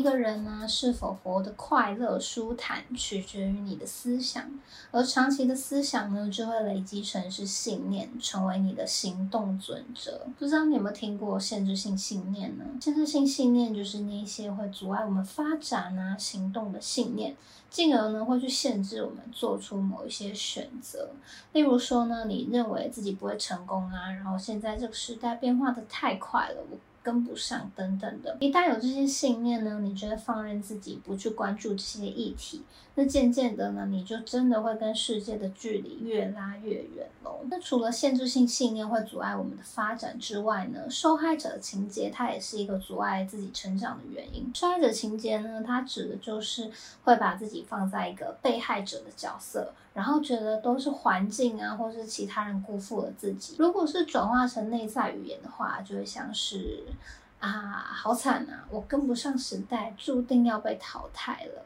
一個人呢，是否活得快樂舒坦，取決於你的思想，而長期的思想呢，就會累積成是信念，成為你的行動準則。不知道你有沒有聽過限制性信念呢？限制性信念就是那些會阻礙我們發展啊、行動的信念，進而呢會去限制我們做出某一些選擇。例如說呢，你認為自己不會成功啊，然後現在這個時代變化得太快了，跟不上等等的，一旦有這些信念呢，你就會放任自己不去關注這些議題，那漸漸的呢，你就真的會跟世界的距離越拉越遠嘍、哦。那除了限制性信念會阻礙我們的發展之外呢，受害者情節它也是一個阻礙自己成長的原因。受害者情節呢，它指的就是會把自己放在一個被害者的角色，然後覺得都是環境啊，或是其他人辜負了自己。如果是轉化成內在語言的話，就會像是。啊，好慘啊，我跟不上時代，注定要被淘汰了。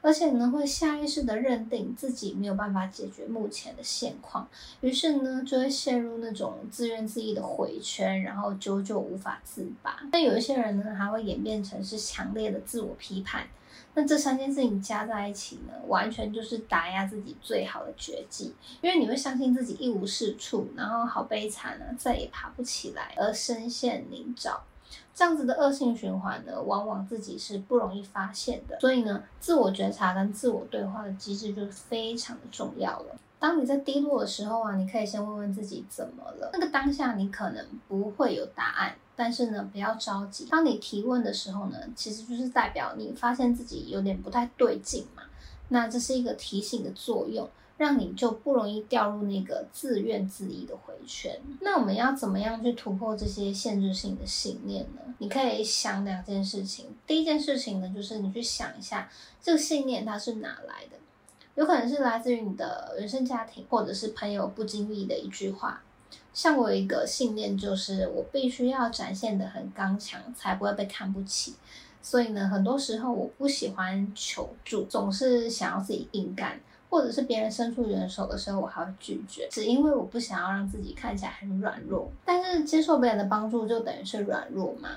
而且呢，會下意識地認定自己沒有辦法解決目前的現況，於是呢，就會陷入那種自怨自艾的回圈，然後久久無法自拔。那有一些人呢，還會演變成是強烈的自我批判。那這三件事情加在一起呢，完全就是打壓自己最好的絕技，因為你會相信自己一無是處，然後好悲慘啊，再也爬不起來，而深陷泥沼。這樣子的惡性循環呢，往往自己是不容易發現的，所以呢，自我覺察跟自我對話的機制就非常的重要了。當你在低落的時候啊，你可以先問問自己怎麼了。那個當下你可能不會有答案，但是呢，不要着急。當你提問的時候呢，其實就是代表你發現自己有點不太對勁嘛，那這是一個提醒的作用。讓你就不容易掉入那個自怨自艾的迴圈。那我們要怎麼樣去突破這些限制性的信念呢？你可以想兩件事情。第一件事情呢，就是你去想一下這個信念它是哪來的，有可能是來自於你的原生家庭，或者是朋友不經意的一句話。像我有一個信念就是我必須要展現得很剛強，才不會被看不起。所以呢，很多時候我不喜歡求助，總是想要自己硬幹。或者是別人伸出援手的時候，我還會拒絕，只因為我不想要讓自己看起來很軟弱。但是接受別人的幫助就等於是軟弱嗎？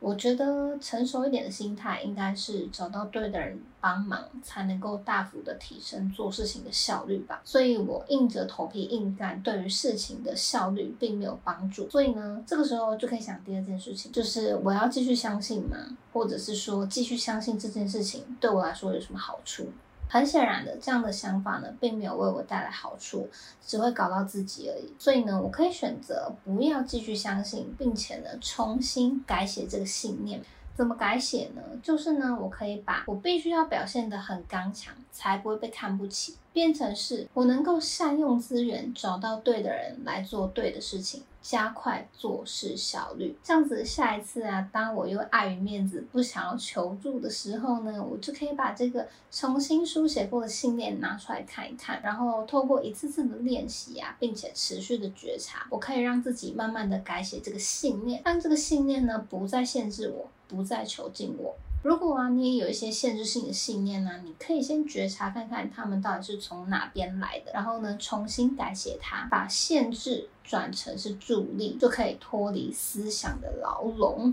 我覺得成熟一點的心態應該是找到對的人幫忙，才能夠大幅的提升做事情的效率吧。所以，我硬着頭皮硬幹，對於事情的效率並沒有幫助。所以呢，這個時候就可以想第二件事情，就是我要繼續相信嗎？或者是說繼續相信這件事情對我來說有什麼好處？很顯然的，這樣的想法呢，並沒有為我帶來好處，只會搞到自己而已。所以呢，我可以選擇不要繼續相信，並且呢，重新改寫這個信念。怎麼改寫呢？就是呢，我可以把我必須要表現得很剛強，才不會被看不起，變成是我能夠善用資源，找到對的人來做對的事情，加快做事效率。這樣子，下一次啊，當我又礙於面子，不想要求助的時候呢，我就可以把這個重新書寫過的信念拿出來看一看，然後透過一次次的練習啊，並且持續的覺察，我可以讓自己慢慢的改寫這個信念，讓這個信念呢，不再限制我。不再囚禁我。如果啊，你也有一些限制性的信念呢、啊，你可以先覺察，看看他們到底是從哪邊來的，然後呢，重新改寫它，把限制轉成是助力，就可以脫離思想的牢籠。